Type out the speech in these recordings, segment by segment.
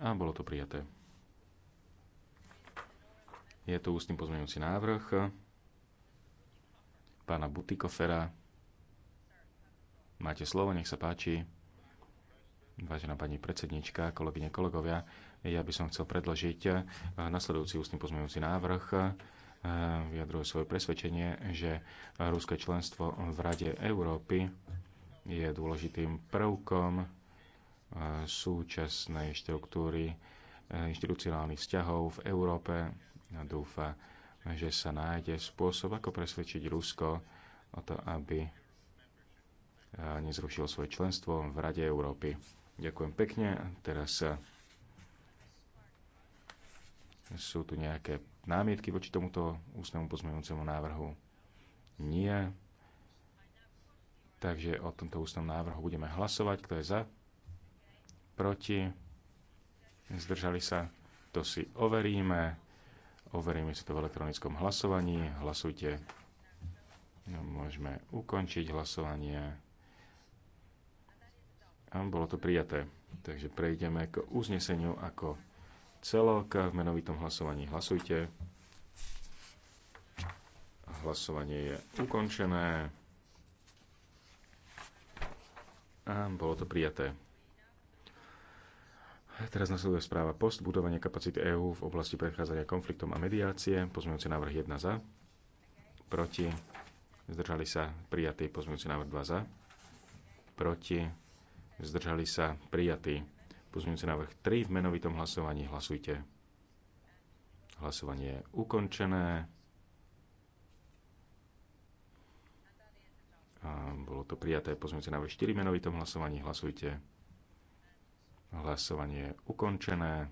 a bolo to prijaté. Je to ústny pozmeňujúci návrh pána Butikofera. Máte slovo, nech sa páči. Vážená pani predsednička, kolegyne, kolegovia, ja by som chcel predložiť eh, nasledujúci ústny pozmeňujúci návrh eh, Vyjadruje svoje presvedčenie, že ruské členstvo v Rade Európy je dôležitým prvkom súčasnej štruktúry e, inštitucionálnych vzťahov v Európe a dúfa, že sa nájde spôsob, ako presvedčiť Rusko o to, aby e, nezrušil svoje členstvo v Rade Európy. Ďakujem pekne. Teraz e, sú tu nejaké námietky voči tomuto ústnemu pozmeňujúcemu návrhu? Nie. Takže o tomto ústnom návrhu budeme hlasovať. Kto je za? proti, zdržali sa, to si overíme. Overíme si to v elektronickom hlasovaní. Hlasujte. môžeme ukončiť hlasovanie. A bolo to prijaté. Takže prejdeme k uzneseniu ako celok v menovitom hlasovaní. Hlasujte. Hlasovanie je ukončené. A bolo to prijaté. Teraz nasleduje správa post, budovanie kapacity EÚ v oblasti predchádzania konfliktom a mediácie, pozmeňujúci návrh 1 za, proti, zdržali sa prijatý pozmeňujúci návrh 2 za, proti, zdržali sa prijatý pozmeňujúci návrh 3 v menovitom hlasovaní. Hlasujte. Hlasovanie je ukončené. A bolo to prijaté pozmeňujúci návrh 4 v menovitom hlasovaní. Hlasujte. Hlasovanie je ukončené.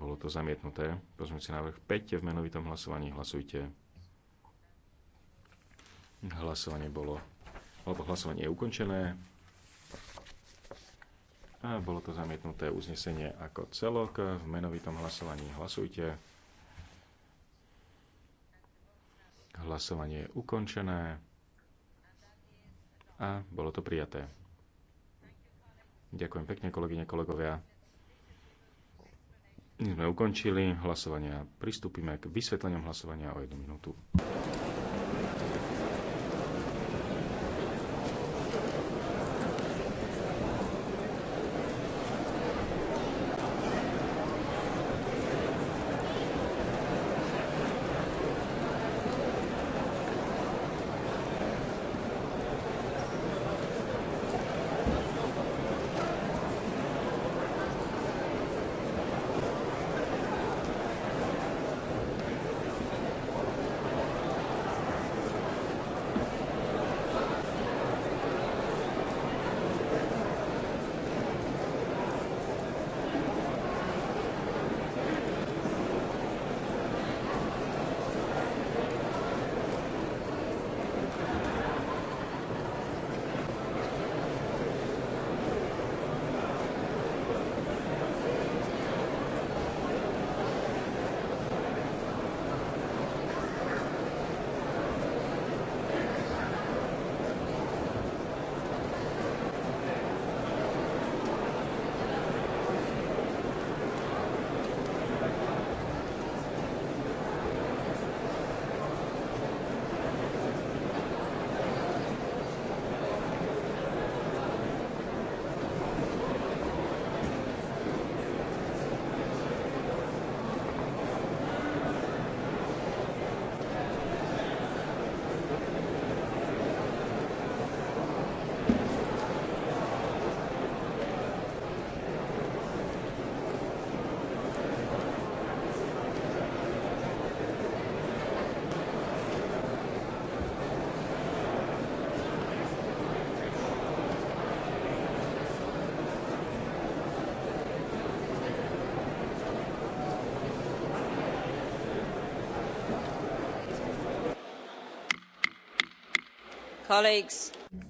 Bolo to zamietnuté. Pozmite návrh 5 v menovitom hlasovaní. Hlasujte. Hlasovanie bolo, alebo hlasovanie je ukončené. A bolo to zamietnuté uznesenie ako celok. V menovitom hlasovaní hlasujte. Hlasovanie je ukončené a bolo to prijaté. Ďakujem pekne, kolegyne, kolegovia. My sme ukončili hlasovania. Pristúpime k vysvetleniam hlasovania o jednu minútu.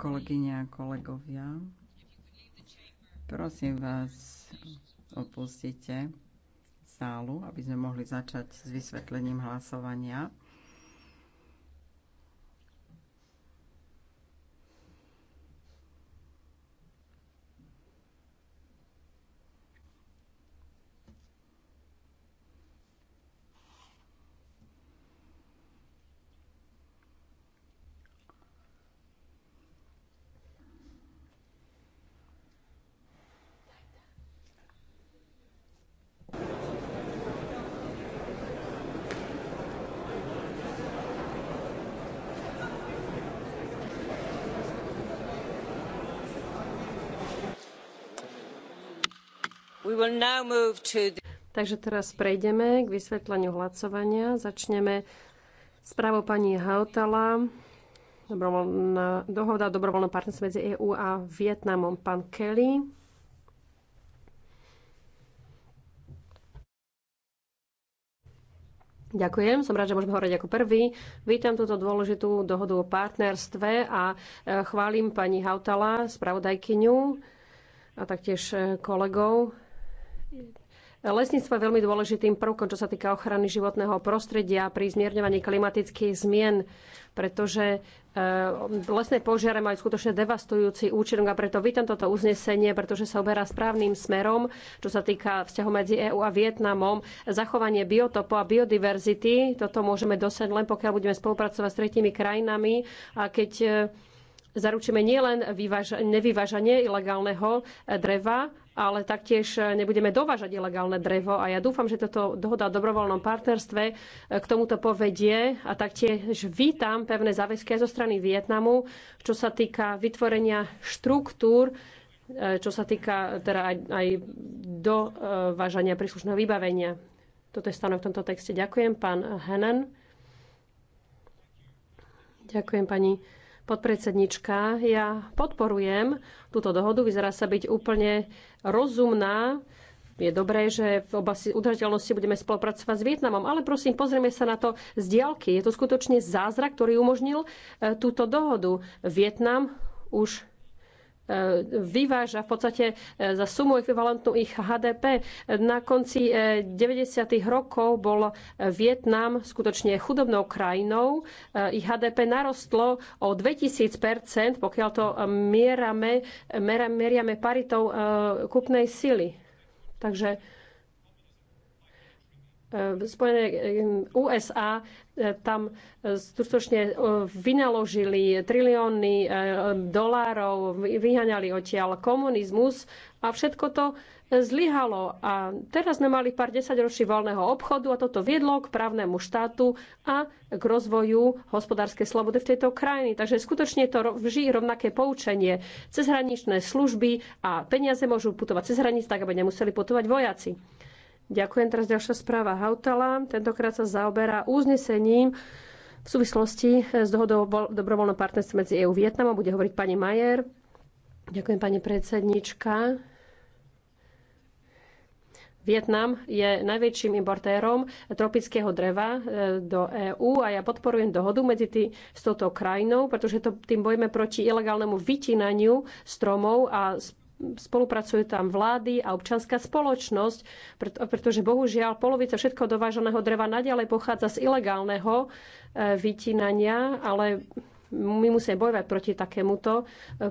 Kolegyne a kolegovia, prosím vás, opustite sálu, aby sme mohli začať s vysvetlením hlasovania. Takže teraz prejdeme k vysvetleniu hlasovania. Začneme správou pani Hautala. Dobrovoľná, dohoda o dobrovoľnom partnerstve medzi EÚ a Vietnamom. Pán Kelly. Ďakujem, som rád, že môžeme hovoriť ako prvý. Vítam túto dôležitú dohodu o partnerstve a e, chválim pani Hautala, spravodajkyňu a taktiež e, kolegov Lesníctvo je veľmi dôležitým prvkom, čo sa týka ochrany životného prostredia pri zmierňovaní klimatických zmien, pretože e, lesné požiare majú skutočne devastujúci účinok a preto vítam toto uznesenie, pretože sa oberá správnym smerom, čo sa týka vzťahu medzi EÚ a Vietnamom. Zachovanie biotopu a biodiverzity, toto môžeme dosiať len pokiaľ budeme spolupracovať s tretími krajinami a keď e, zaručíme nielen nevyvážanie ilegálneho dreva, ale taktiež e, nebudeme dovážať ilegálne drevo a ja dúfam, že toto dohoda o dobrovoľnom partnerstve e, k tomuto povedie a taktiež vítam pevné záväzky aj zo strany Vietnamu, čo sa týka vytvorenia štruktúr, e, čo sa týka teda aj, aj dovážania príslušného vybavenia. Toto je stanov v tomto texte. Ďakujem, pán Henen. Ďakujem, pani podpredsednička. Ja podporujem túto dohodu. Vyzerá sa byť úplne rozumná. Je dobré, že v oblasti udržateľnosti budeme spolupracovať s Vietnamom, ale prosím, pozrieme sa na to z diaľky. Je to skutočne zázrak, ktorý umožnil e, túto dohodu. Vietnam už E, vyváža v podstate e, za sumu ekvivalentnú ich HDP. Na konci 90. E, rokov bol Vietnam skutočne chudobnou krajinou. Ich HDP narostlo o 2000 pokiaľ to mierame, meriame paritou kupnej sily. Takže Eh, Spojené eh, USA eh, tam skutočne vynaložili trilióny dolárov, vyhaňali odtiaľ komunizmus a všetko to zlyhalo. A teraz sme mali pár desaťročí voľného obchodu a toto viedlo k právnemu štátu a k rozvoju hospodárskej slobody v tejto krajiny. Takže skutočne to vží rovnaké poučenie. Cezhraničné služby a peniaze môžu putovať cez hranice, tak aby nemuseli putovať vojaci. Ďakujem. Teraz ďalšia správa Hautala. Tentokrát sa zaoberá uznesením v súvislosti s dohodou o dobrovoľnom partnerstve medzi EU a Vietnamom. Bude hovoriť pani Majer. Ďakujem, pani predsednička. Vietnam je najväčším importérom tropického dreva e, do EÚ a ja podporujem dohodu medzi tý, s touto krajinou, pretože to, tým bojme proti ilegálnemu vytínaniu stromov a spolupracujú tam vlády a občanská spoločnosť, pretože bohužiaľ polovica všetko dováženého dreva naďalej pochádza z ilegálneho e, vytínania, ale my musíme bojovať proti takémuto e,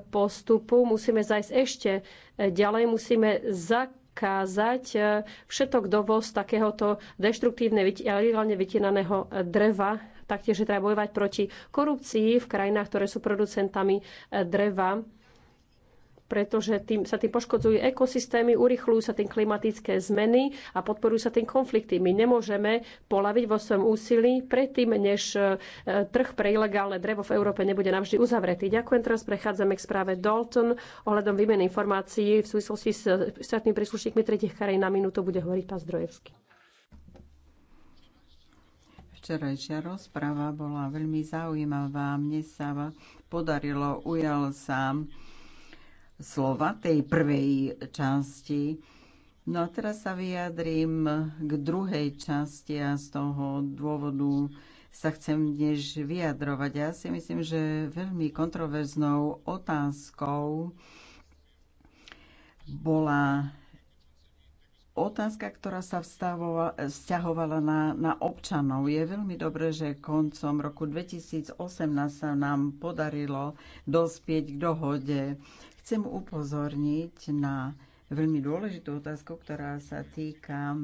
postupu. Musíme zajsť ešte e, ďalej, musíme zakázať všetok dovoz takéhoto deštruktívne, ilegálne vytinaného dreva. Taktiež je treba bojovať proti korupcii v krajinách, ktoré sú producentami dreva pretože tým, sa tým poškodzujú ekosystémy, urychľujú sa tým klimatické zmeny a podporujú sa tým konflikty. My nemôžeme polaviť vo svojom úsilí predtým, než e, trh pre ilegálne drevo v Európe nebude navždy uzavretý. Ďakujem, teraz prechádzame k správe Dalton ohľadom výmeny informácií v súvislosti s štátnymi príslušníkmi tretich krajín. Na minútu bude hovoriť pán Zdrojevský. Včerajšia rozpráva bola veľmi zaujímavá. Mne sa podarilo ujal sám slova, tej prvej časti. No a teraz sa vyjadrím k druhej časti a z toho dôvodu sa chcem dnes vyjadrovať. Ja si myslím, že veľmi kontroverznou otázkou bola Otázka, ktorá sa vzťahovala na, na občanov, je veľmi dobré, že koncom roku 2018 sa nám podarilo dospieť k dohode. Chcem upozorniť na veľmi dôležitú otázku, ktorá sa týka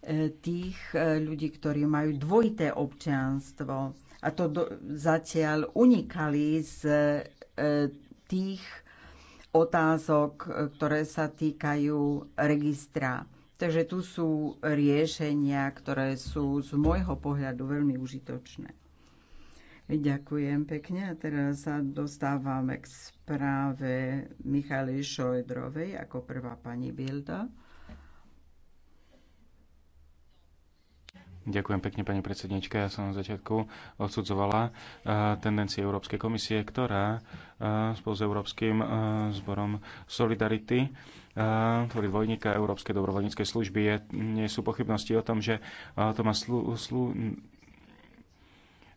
e, tých e, ľudí, ktorí majú dvojité občianstvo. A to do, zatiaľ unikali z e, tých otázok, e, ktoré sa týkajú registra. Takže tu sú riešenia, ktoré sú z môjho pohľadu veľmi užitočné. Ďakujem pekne a teraz sa dostávame k správe Michaly Šojdrovej ako prvá pani Bilda. Ďakujem pekne, pani predsednička. Ja som na začiatku odsudzovala eh, tendencie Európskej komisie, ktorá eh, spolu s Európskym eh, zborom Solidarity tvorí dvojníka Európskej dobrovoľníckej služby. Je, nie sú pochybnosti o tom, že to má slu, slu,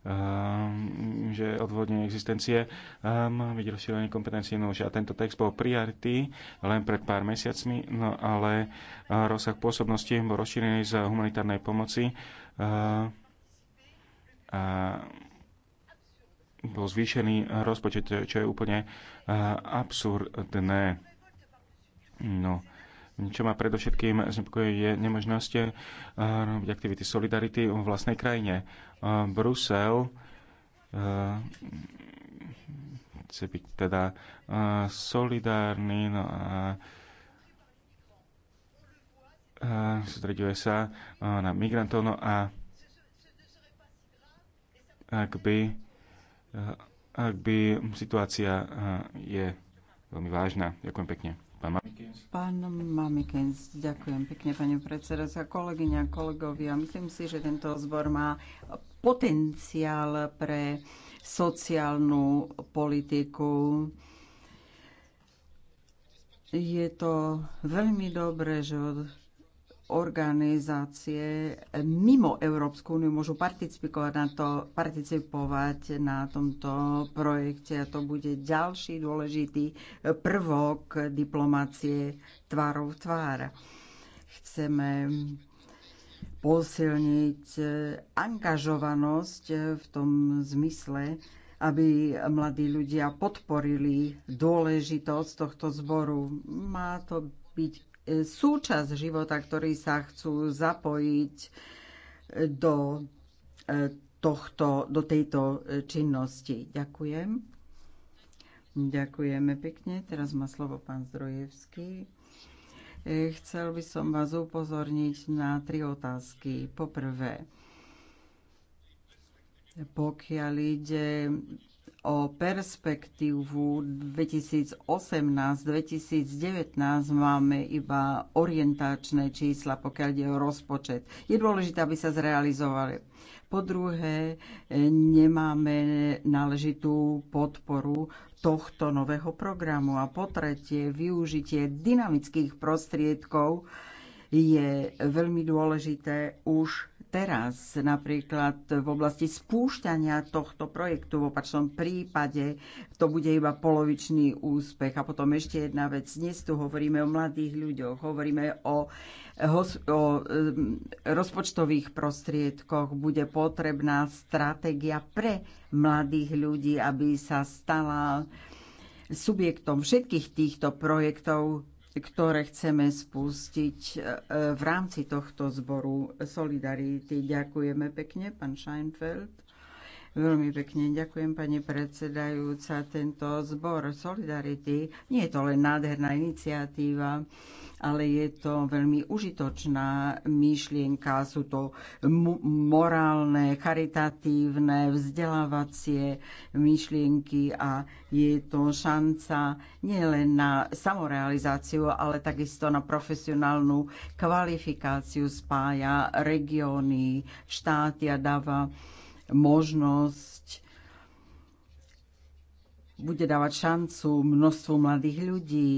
Ehm, že odvodnenie existencie ehm, má byť rozšírenie kompetencií nože. A tento text bol priority len pred pár mesiacmi, no ale eh, rozsah pôsobnosti bol rozšírený z humanitárnej pomoci eh, a bol zvýšený rozpočet, čo je úplne eh, absurdné. No. Čo ma predovšetkým znepokojuje, je nemožnosť eh, robiť aktivity solidarity v vlastnej krajine. Eh, Brusel eh, chce byť teda solidárny no a sústreďuje sa na migrantov no a ak by, ak by situácia je veľmi vážna. Ďakujem pekne. Pán mamikens ďakujem pekne, pani predsedajúca, kolegyňa, kolegovia. Myslím si, že tento zbor má potenciál pre sociálnu politiku. Je to veľmi dobré, že od organizácie mimo Európsku úniu môžu participovať na, to, participovať na tomto projekte a to bude ďalší dôležitý prvok diplomácie tvárov tvára. Chceme posilniť angažovanosť v tom zmysle, aby mladí ľudia podporili dôležitosť tohto zboru. Má to byť súčasť života, ktorí sa chcú zapojiť do, e, tohto, do tejto e, činnosti. Ďakujem. Ďakujeme pekne. Teraz má slovo pán Zdrojevský. E, chcel by som vás upozorniť na tri otázky. Poprvé, pokiaľ ide o perspektívu 2018-2019 máme iba orientačné čísla, pokiaľ ide o rozpočet. Je dôležité, aby sa zrealizovali. Po druhé, nemáme náležitú podporu tohto nového programu. A po tretie, využitie dynamických prostriedkov je veľmi dôležité už teraz, napríklad v oblasti spúšťania tohto projektu. V opačnom prípade to bude iba polovičný úspech. A potom ešte jedna vec. Dnes tu hovoríme o mladých ľuďoch, hovoríme o, o, o rozpočtových prostriedkoch. Bude potrebná stratégia pre mladých ľudí, aby sa stala subjektom všetkých týchto projektov ktoré chceme spustiť e, v rámci tohto zboru Solidarity. Ďakujeme pekne, pán Scheinfeld. Veľmi pekne ďakujem, pani predsedajúca. Tento zbor Solidarity nie je to len nádherná iniciatíva, ale je to veľmi užitočná myšlienka. Sú to morálne, charitatívne, vzdelávacie myšlienky a je to šanca nielen na samorealizáciu, ale takisto na profesionálnu kvalifikáciu spája regióny, štáty a dáva možnosť bude dávať šancu množstvu mladých ľudí.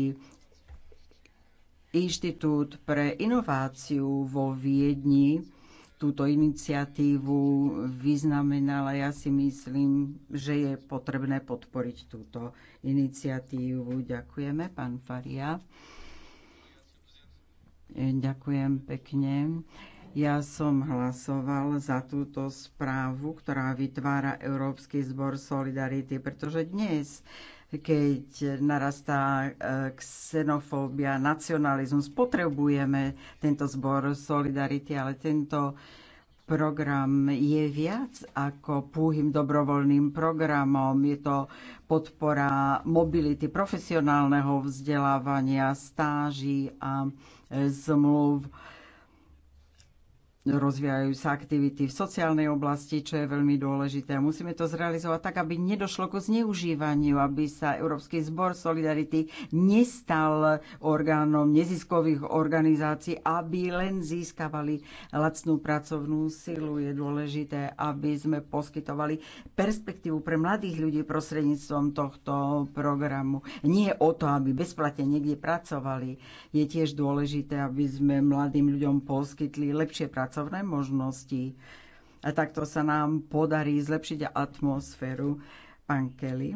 Inštitút pre inováciu vo Viedni túto iniciatívu vyznamenala. Ja si myslím, že je potrebné podporiť túto iniciatívu. Ďakujeme, pán Faria. Ďakujem pekne. Ja som hlasoval za túto správu, ktorá vytvára Európsky zbor Solidarity, pretože dnes keď narastá e, xenofóbia, nacionalizmus. Potrebujeme tento zbor Solidarity, ale tento program je viac ako púhým dobrovoľným programom. Je to podpora mobility profesionálneho vzdelávania, stáží a e, zmluv rozvíjajú sa aktivity v sociálnej oblasti, čo je veľmi dôležité. A musíme to zrealizovať tak, aby nedošlo ku zneužívaniu, aby sa Európsky zbor Solidarity nestal orgánom neziskových organizácií, aby len získavali lacnú pracovnú silu. Je dôležité, aby sme poskytovali perspektívu pre mladých ľudí prostredníctvom tohto programu. Nie o to, aby bezplatne niekde pracovali. Je tiež dôležité, aby sme mladým ľuďom poskytli lepšie pracovné pracovné možnosti. A takto sa nám podarí zlepšiť atmosféru. Pán Kelly,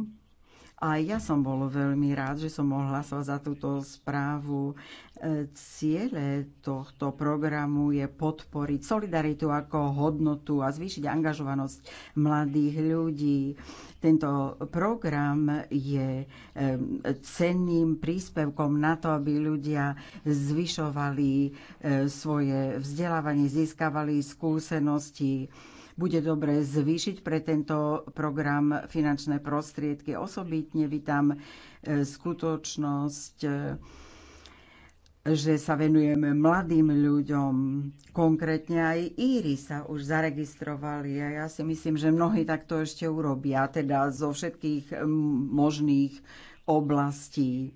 a ja som bol veľmi rád, že som mohla hlasovať za túto správu. E, ciele tohto programu je podporiť solidaritu ako hodnotu a zvýšiť angažovanosť mladých ľudí. Tento program je e, cenným príspevkom na to, aby ľudia zvyšovali e, svoje vzdelávanie, získavali skúsenosti bude dobré zvýšiť pre tento program finančné prostriedky. Osobitne vítam e, skutočnosť e, že sa venujeme mladým ľuďom. Konkrétne aj Íry sa už zaregistrovali a ja si myslím, že mnohí takto ešte urobia, teda zo všetkých možných oblastí,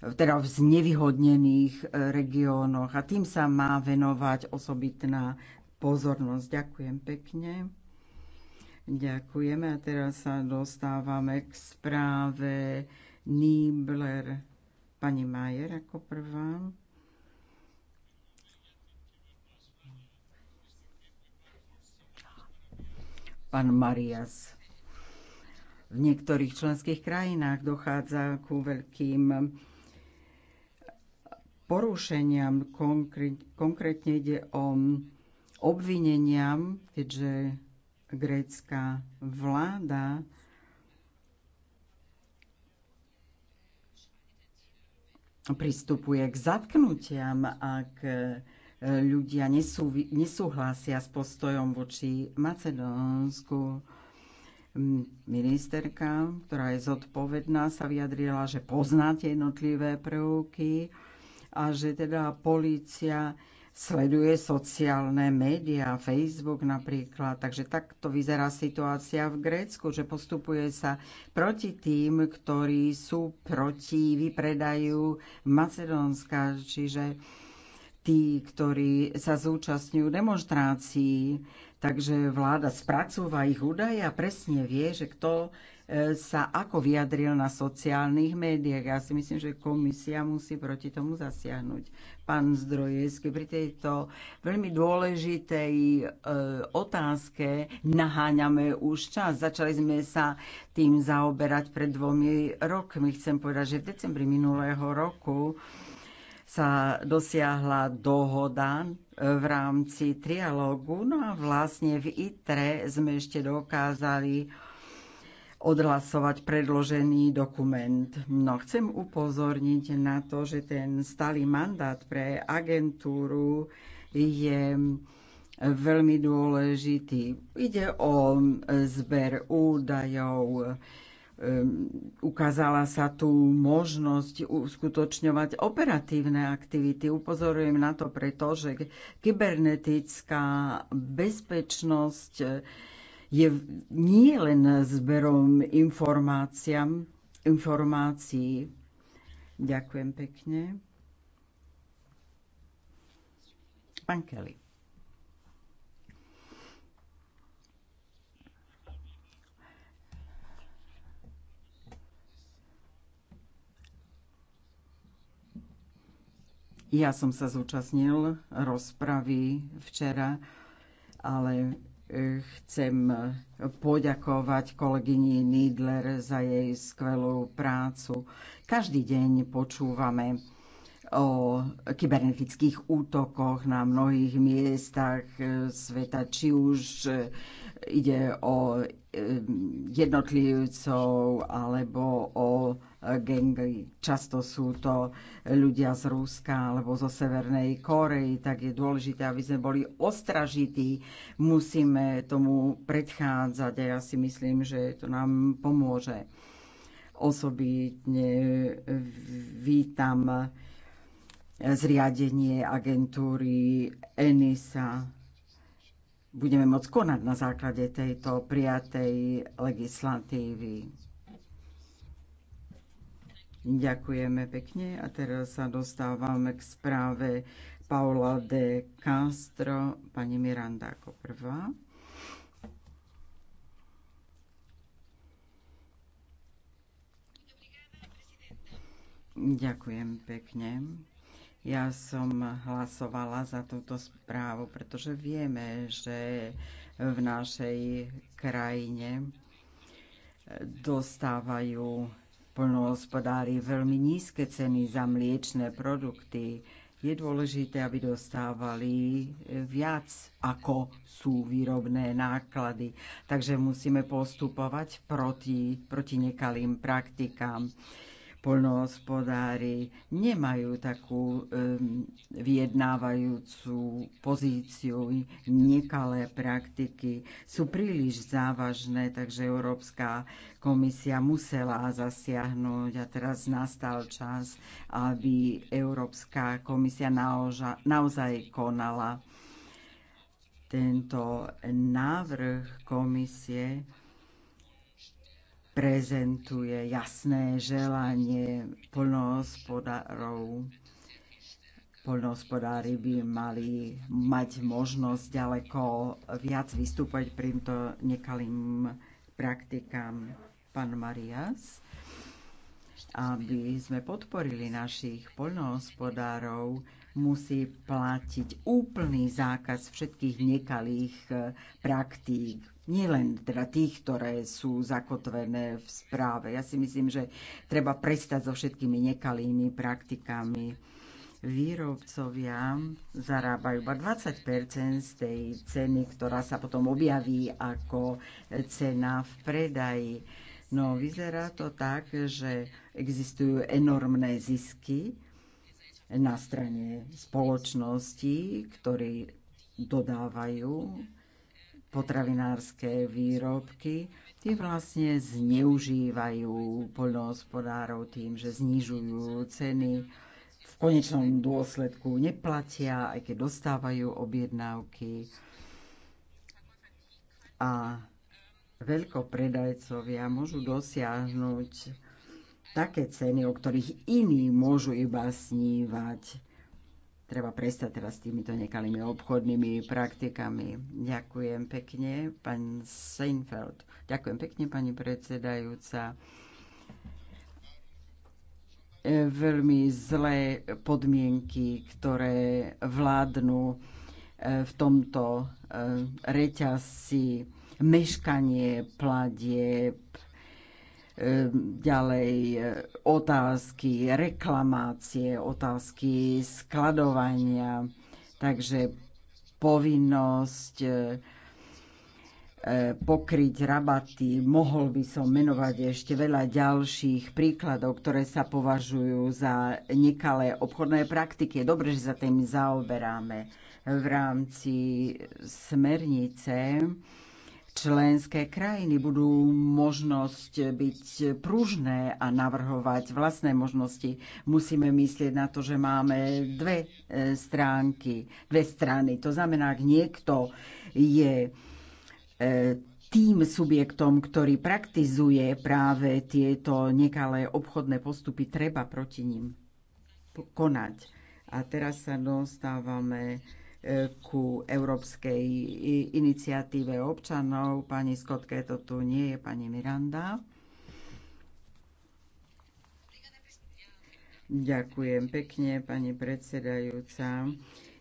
teda v znevýhodnených e, regiónoch. A tým sa má venovať osobitná pozornosť. Ďakujem pekne. Ďakujeme a teraz sa dostávame k správe Nibler. Pani Majer ako prvá. Pán Marias. V niektorých členských krajinách dochádza ku veľkým porušeniam. Konkrétne ide o obvineniam, keďže grécka vláda pristupuje k zatknutiam, ak e, ľudia nesú, nesúhlasia s postojom voči Macedónsku. Ministerka, ktorá je zodpovedná, sa vyjadrila, že poznáte jednotlivé prvky a že teda polícia sleduje sociálne médiá, Facebook napríklad. Takže takto vyzerá situácia v Grécku, že postupuje sa proti tým, ktorí sú proti vypredajú Macedónska, čiže tí, ktorí sa zúčastňujú demonstrácií. Takže vláda spracúva ich údaje a presne vie, že kto sa ako vyjadril na sociálnych médiách. Ja si myslím, že komisia musí proti tomu zasiahnuť. Pán Zdrojevský, pri tejto veľmi dôležitej e, otázke naháňame už čas. Začali sme sa tým zaoberať pred dvomi rokmi. Chcem povedať, že v decembri minulého roku sa dosiahla dohoda e, v rámci trialógu. No a vlastne v ITRE sme ešte dokázali odhlasovať predložený dokument. No chcem upozorniť na to, že ten stály mandát pre agentúru je veľmi dôležitý. Ide o zber údajov, ehm, ukázala sa tu možnosť uskutočňovať operatívne aktivity. Upozorujem na to pretože kybernetická bezpečnosť je nie len zberom informáciám, informácií. Ďakujem pekne. Pán Kelly. Ja som sa zúčastnil rozpravy včera, ale chcem poďakovať kolegyni Nidler za jej skvelú prácu. Každý deň počúvame o kybernetických útokoch na mnohých miestach e, sveta, či už e, ide o Eh, jednotlivcov alebo o gengy. Často sú to ľudia z Ruska alebo zo Severnej Korei, tak je dôležité, aby sme boli ostražití. Musíme tomu predchádzať a ja si myslím, že to nám pomôže. Osobitne vítam zriadenie agentúry ENISA budeme môcť konať na základe tejto prijatej legislatívy. Ďakujeme pekne a teraz sa dostávame k správe Paula de Castro, pani Miranda ako prvá. Ďakujem pekne. Ja som hlasovala za túto správu, pretože vieme, že v našej krajine dostávajú poľnohospodári veľmi nízke ceny za mliečne produkty. Je dôležité, aby dostávali viac, ako sú výrobné náklady. Takže musíme postupovať proti, proti nekalým praktikám poľnohospodári nemajú takú um, vyjednávajúcu pozíciu, nekalé praktiky sú príliš závažné, takže Európska komisia musela zasiahnuť a teraz nastal čas, aby Európska komisia naoža, naozaj konala. Tento návrh komisie prezentuje jasné želanie polnohospodárov. Polnohospodári by mali mať možnosť ďaleko viac vystúpať pri týmto nekalým praktikám. Pán Marias, aby sme podporili našich polnohospodárov, musí platiť úplný zákaz všetkých nekalých praktík nielen teda tých, ktoré sú zakotvené v správe. Ja si myslím, že treba prestať so všetkými nekalými praktikami. Výrobcovia zarábajú iba 20 z tej ceny, ktorá sa potom objaví ako cena v predaji. No vyzerá to tak, že existujú enormné zisky na strane spoločnosti, ktorí dodávajú potravinárske výrobky, tie vlastne zneužívajú poľnohospodárov tým, že znižujú ceny. V konečnom dôsledku neplatia, aj keď dostávajú objednávky. A veľkopredajcovia môžu dosiahnuť také ceny, o ktorých iní môžu iba snívať treba prestať teraz s týmito nekalými obchodnými praktikami. Ďakujem pekne, pán Seinfeld. Ďakujem pekne, pani predsedajúca. E, veľmi zlé podmienky, ktoré vládnu e, v tomto e, reťazci, meškanie pladieb, ďalej e, otázky reklamácie, otázky skladovania, takže povinnosť e, e, pokryť rabaty. Mohol by som menovať ešte veľa ďalších príkladov, ktoré sa považujú za nekalé obchodné praktiky. Je dobré, že sa tým zaoberáme v rámci smernice Členské krajiny budú možnosť byť pružné a navrhovať vlastné možnosti. Musíme myslieť na to, že máme dve e, stránky, dve strany. To znamená, ak niekto je e, tým subjektom, ktorý praktizuje práve tieto nekalé obchodné postupy, treba proti ním konať. A teraz sa dostávame ku európskej iniciatíve občanov. Pani Skotke to tu nie je, pani Miranda. Ďakujem pekne, pani predsedajúca.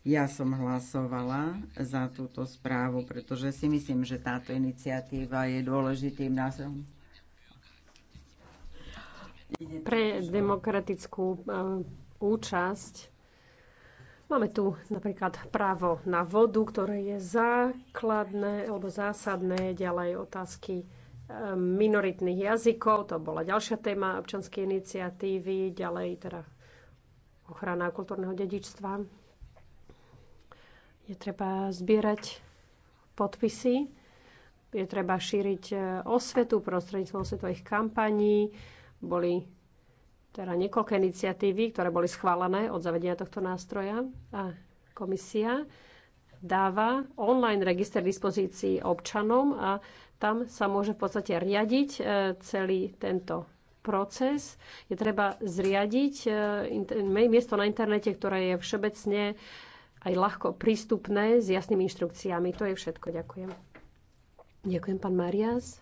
Ja som hlasovala za túto správu, pretože si myslím, že táto iniciatíva je dôležitým nástrojom pre demokratickú eh, účasť Máme tu napríklad právo na vodu, ktoré je základné alebo zásadné. Ďalej otázky e, minoritných jazykov, to bola ďalšia téma občanskej iniciatívy, ďalej teda ochrana kultúrneho dedičstva. Je treba zbierať podpisy, je treba šíriť e, osvetu prostredníctvom svetových kampaní. Boli teda niekoľko iniciatívy, ktoré boli schválené od zavedenia tohto nástroja a komisia dáva online register dispozícií občanom a tam sa môže v podstate riadiť e, celý tento proces. Je treba zriadiť e, miesto na internete, ktoré je všeobecne aj ľahko prístupné s jasnými inštrukciami. To je všetko. Ďakujem. Ďakujem, pán Marias.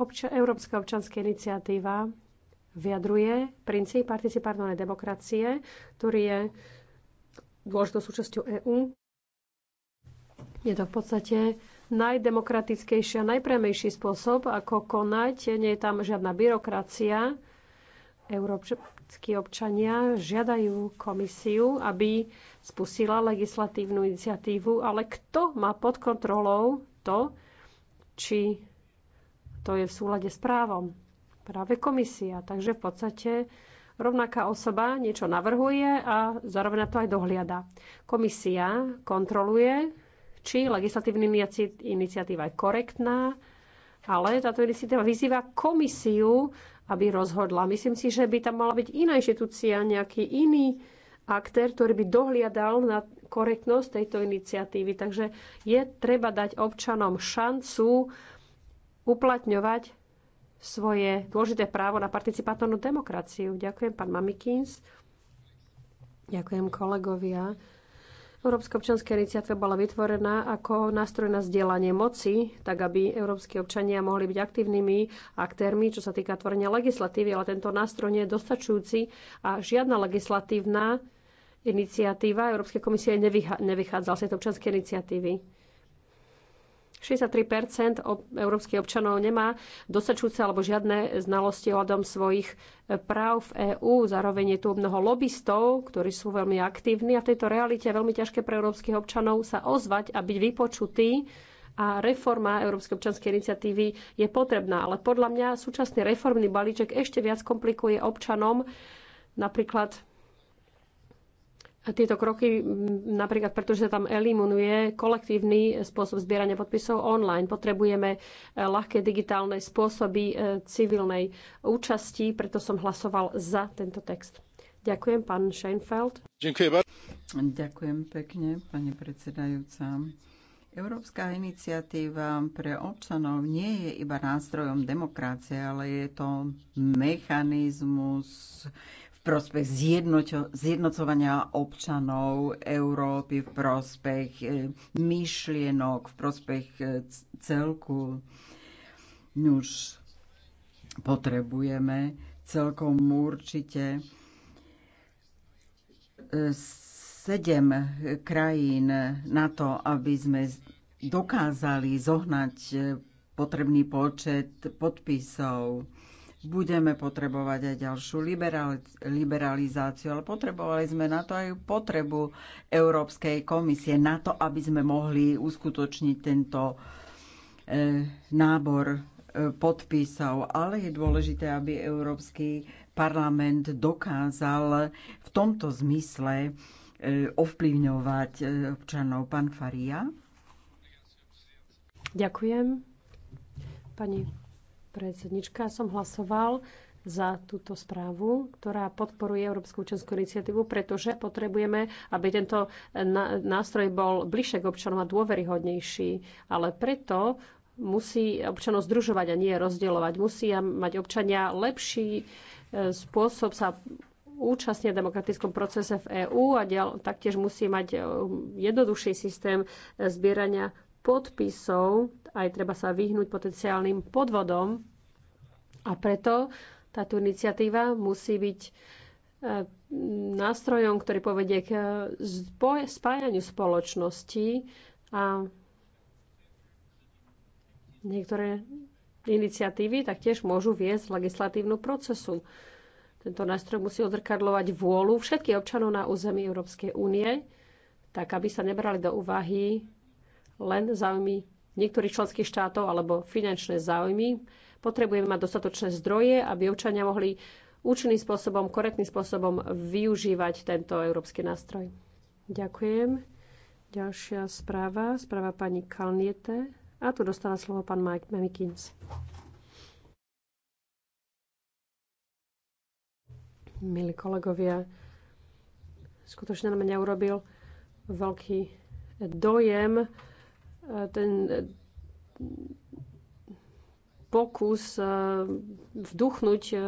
Obča- Európska občanská iniciatíva vyjadruje princíp participárnej demokracie, ktorý je dôležitou súčasťou EÚ. Je to v podstate najdemokratickejší a najpremejší spôsob, ako konať. Nie je tam žiadna byrokracia. Európsky občania žiadajú komisiu, aby spustila legislatívnu iniciatívu, ale kto má pod kontrolou to, či to je v súlade s právom. Práve komisia. Takže v podstate rovnaká osoba niečo navrhuje a zároveň na to aj dohliada. Komisia kontroluje, či legislatívna iniciatíva je korektná, ale táto iniciatíva vyzýva komisiu, aby rozhodla. Myslím si, že by tam mala byť iná inštitúcia, nejaký iný aktér, ktorý by dohliadal na korektnosť tejto iniciatívy. Takže je treba dať občanom šancu uplatňovať svoje dôležité právo na participatornú demokraciu. Ďakujem, pán Mamikins. Ďakujem kolegovia. Európska občianská iniciatíva bola vytvorená ako nástroj na zdieľanie moci, tak aby európsky občania mohli byť aktívnymi aktérmi, čo sa týka tvorenia legislatívy, ale tento nástroj nie je dostačujúci a žiadna legislatívna iniciatíva Európskej komisie nevychádza z tejto občianskej iniciatívy. 63% európskych občanov nemá dostačujúce alebo žiadne znalosti hľadom svojich e, práv v EÚ. Zároveň je tu mnoho lobbystov, ktorí sú veľmi aktívni a v tejto realite je veľmi ťažké pre európskych občanov sa ozvať a byť vypočutí a reforma Európskej občanskej iniciatívy je potrebná. Ale podľa mňa súčasný reformný balíček ešte viac komplikuje občanom napríklad tieto kroky, napríklad pretože sa tam eliminuje kolektívny spôsob zbierania podpisov online. Potrebujeme e, ľahké digitálne spôsoby e, civilnej účasti, preto som hlasoval za tento text. Ďakujem, pán Scheinfeld. Ďakujem. Ďakujem pekne, pani predsedajúca. Európska iniciatíva pre občanov nie je iba nástrojom demokracie, ale je to mechanizmus prospech zjednocovania občanov Európy, v prospech e, myšlienok, v prospech e, celku. Už potrebujeme celkom určite e, sedem krajín na to, aby sme dokázali zohnať potrebný počet podpisov budeme potrebovať aj ďalšiu liberalizáciu, ale potrebovali sme na to aj potrebu Európskej komisie, na to, aby sme mohli uskutočniť tento e, nábor e, podpísal, ale je dôležité, aby Európsky parlament dokázal v tomto zmysle e, ovplyvňovať občanov. Pán Faria. Ďakujem. Pani predsednička. Som hlasoval za túto správu, ktorá podporuje Európsku občianskú iniciatívu, pretože potrebujeme, aby tento nástroj bol bližšie k občanom a dôveryhodnejší. Ale preto musí občanov združovať a nie rozdielovať. Musia mať občania lepší e, spôsob sa účastnia v demokratickom procese v EÚ a taktiež musí mať e, jednoduchší systém e, zbierania podpisov, aj treba sa vyhnúť potenciálnym podvodom. A preto táto iniciatíva musí byť e, nástrojom, ktorý povedie k e, spájaniu spoločnosti a niektoré iniciatívy taktiež môžu viesť legislatívnu procesu. Tento nástroj musí odrkadlovať vôľu všetkých občanov na území Európskej únie, tak aby sa nebrali do úvahy len záujmy niektorých členských štátov alebo finančné záujmy. Potrebujeme mať dostatočné zdroje, aby občania mohli účinným spôsobom, korektným spôsobom využívať tento európsky nástroj. Ďakujem. Ďalšia správa, správa pani Kalniete. A tu dostáva slovo pán Mike Memikins. Milí kolegovia, skutočne na mňa urobil veľký dojem ten e, pokus e, vduchnúť e,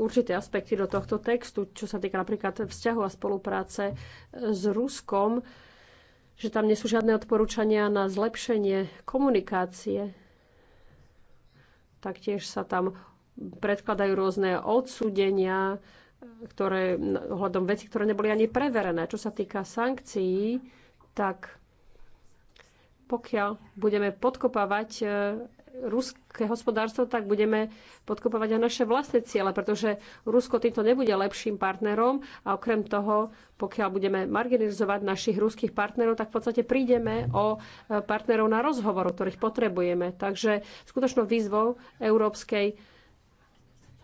určité aspekty do tohto textu, čo sa týka napríklad vzťahu a spolupráce s Ruskom, že tam nie sú žiadne odporúčania na zlepšenie komunikácie. Taktiež sa tam predkladajú rôzne odsúdenia, ktoré, ohľadom veci, ktoré neboli ani preverené. Čo sa týka sankcií, tak pokiaľ budeme podkopávať e, ruské hospodárstvo, tak budeme podkopávať aj naše vlastné ciele, pretože Rusko týmto nebude lepším partnerom a okrem toho, pokiaľ budeme marginalizovať našich ruských partnerov, tak v podstate prídeme o e, partnerov na rozhovor, ktorých potrebujeme. Takže skutočnou výzvou európskej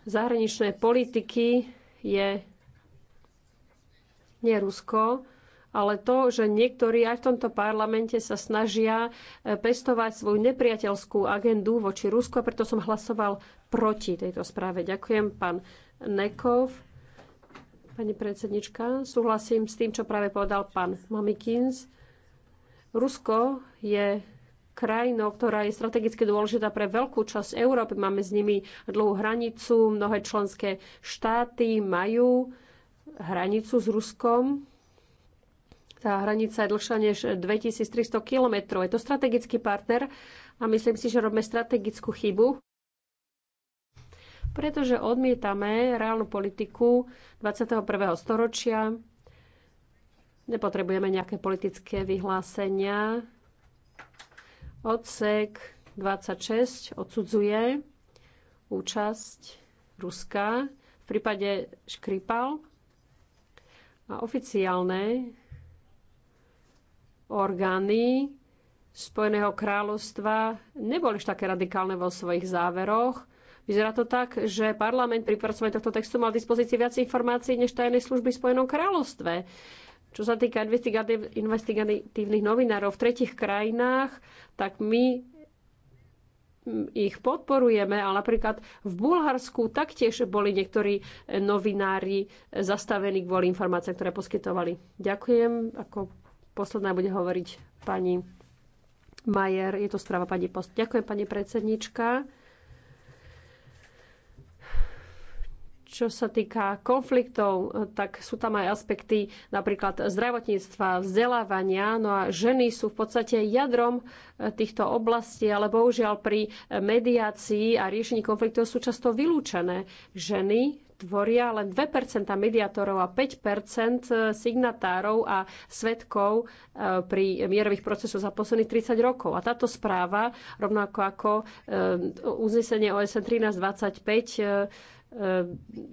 zahraničnej politiky je nie Rusko, ale to, že niektorí aj v tomto parlamente sa snažia eh, pestovať svoju nepriateľskú agendu voči Rusku a preto som hlasoval proti tejto správe. Ďakujem, pán Nekov. Pani predsednička, súhlasím s tým, čo práve povedal pán Mamikins. Rusko je krajinou, ktorá je strategicky dôležitá pre veľkú časť Európy. Máme s nimi dlhú hranicu, mnohé členské štáty majú hranicu s Ruskom. Tá hranica je dlhšia než 2300 kilometrov. Je to strategický partner a myslím si, že robíme strategickú chybu, pretože odmietame reálnu politiku 21. storočia. Nepotrebujeme nejaké politické vyhlásenia. Odsek 26 odsudzuje účasť Ruska v prípade Škripal a oficiálne orgány Spojeného kráľovstva neboli už také radikálne vo svojich záveroch. Vyzerá to tak, že parlament pri pracovaní tohto textu mal v dispozícii viac informácií než tajné služby v Spojenom kráľovstve. Čo sa týka investigatív, investigatívnych novinárov v tretich krajinách, tak my ich podporujeme, ale napríklad v Bulharsku taktiež boli niektorí novinári zastavení kvôli informáciám, ktoré poskytovali. Ďakujem. Ako Posledná bude hovoriť pani Majer. Je to správa pani post. Ďakujem, pani predsednička. Čo sa týka konfliktov, tak sú tam aj aspekty napríklad zdravotníctva, vzdelávania. No a ženy sú v podstate jadrom eh, týchto oblastí, ale bohužiaľ pri mediácii a riešení konfliktov sú často vylúčené ženy, tvoria len 2 mediátorov a 5 e, signatárov a svetkov e, pri mierových procesoch za posledných 30 rokov. A táto správa, rovnako ako e, uznesenie OSN 1325,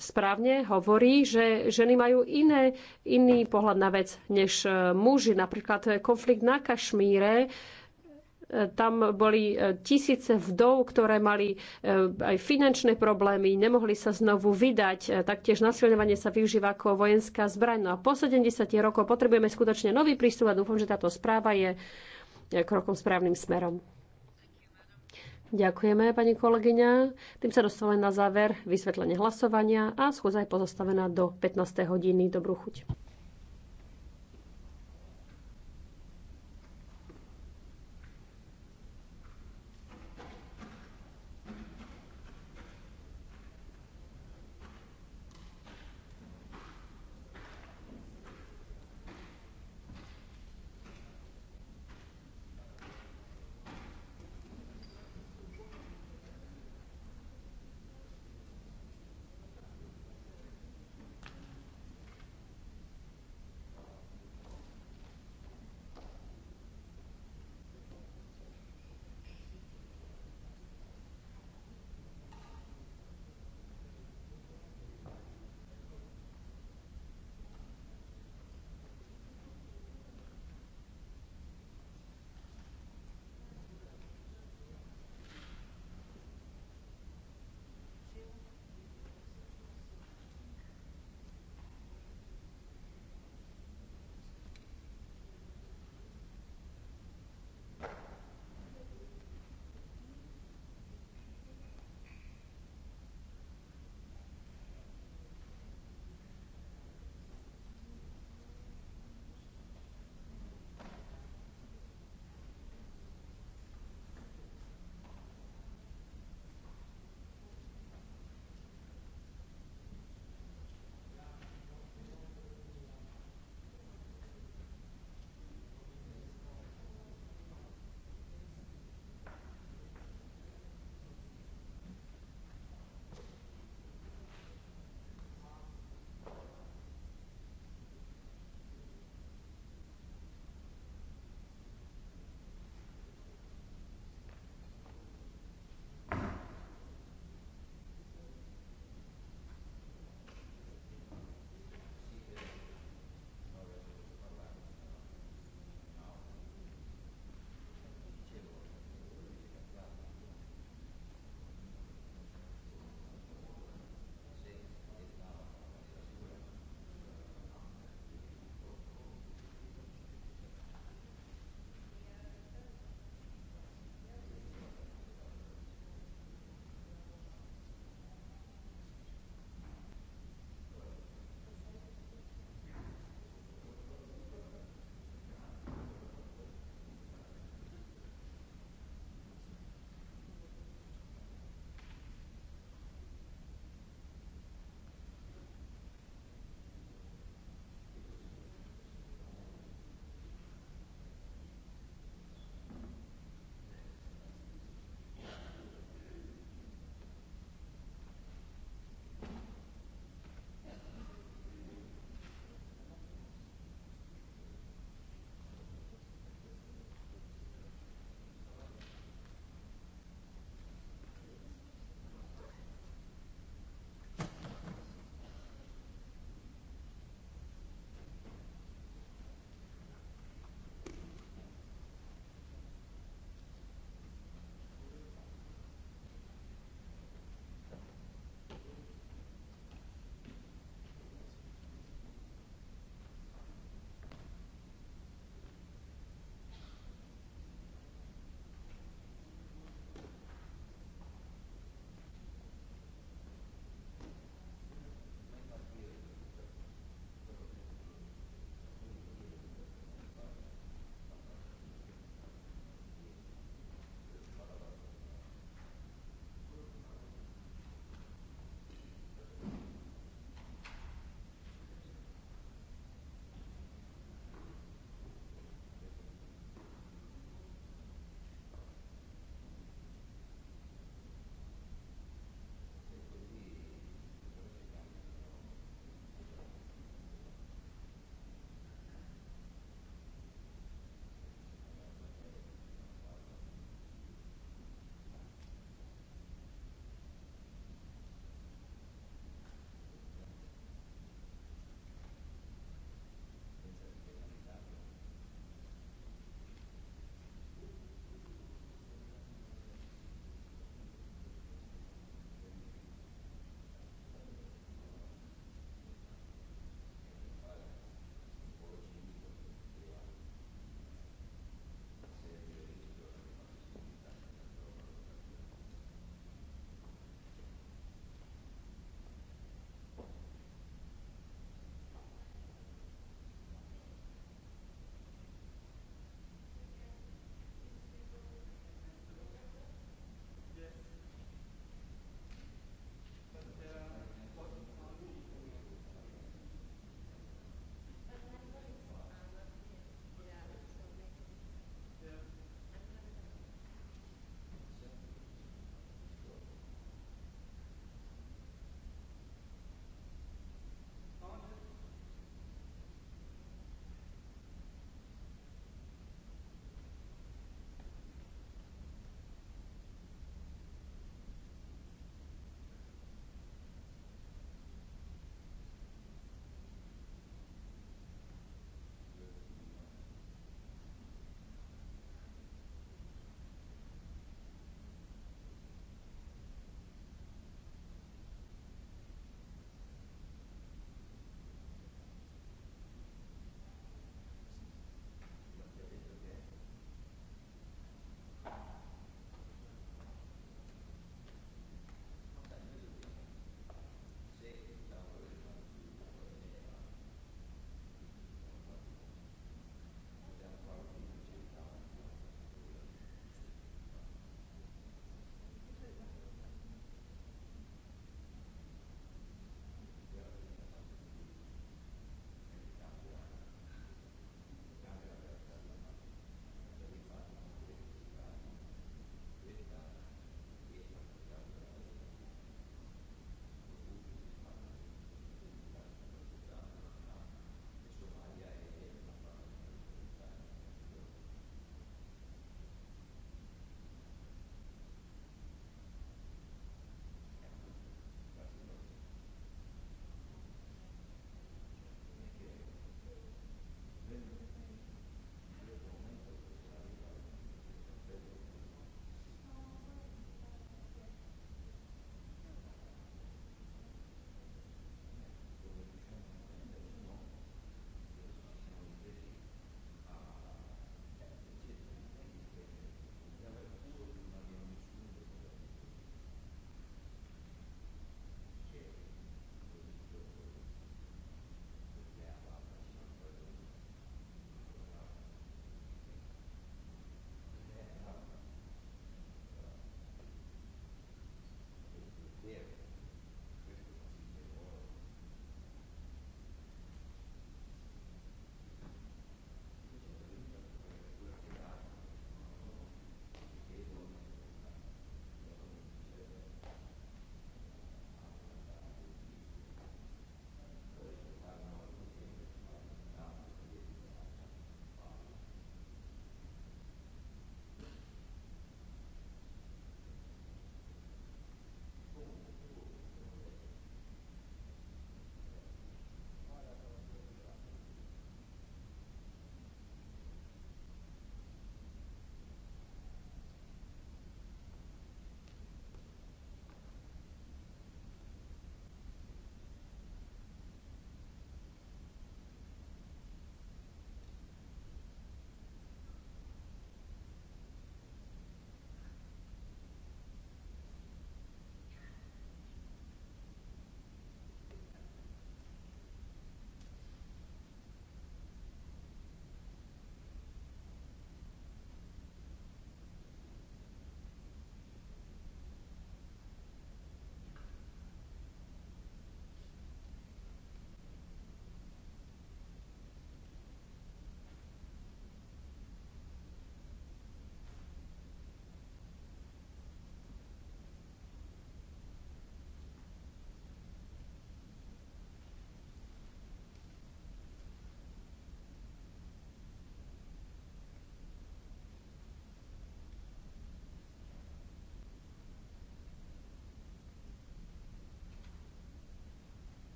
správne hovorí, že ženy majú iné, iný pohľad na vec než muži. Napríklad konflikt na Kašmíre tam boli e, tisíce vdov, ktoré mali e, aj finančné problémy, nemohli sa znovu vydať. E, taktiež nasilňovanie sa využíva ako vojenská zbraň. No a po 70 rokoch potrebujeme skutočne nový prístup a dúfam, že táto správa je krokom správnym smerom. Ďakujeme, pani kolegyňa. Tým sa dostávame na záver vysvetlenie hlasovania a schôdza je pozastavená do 15. hodiny. Dobrú chuť.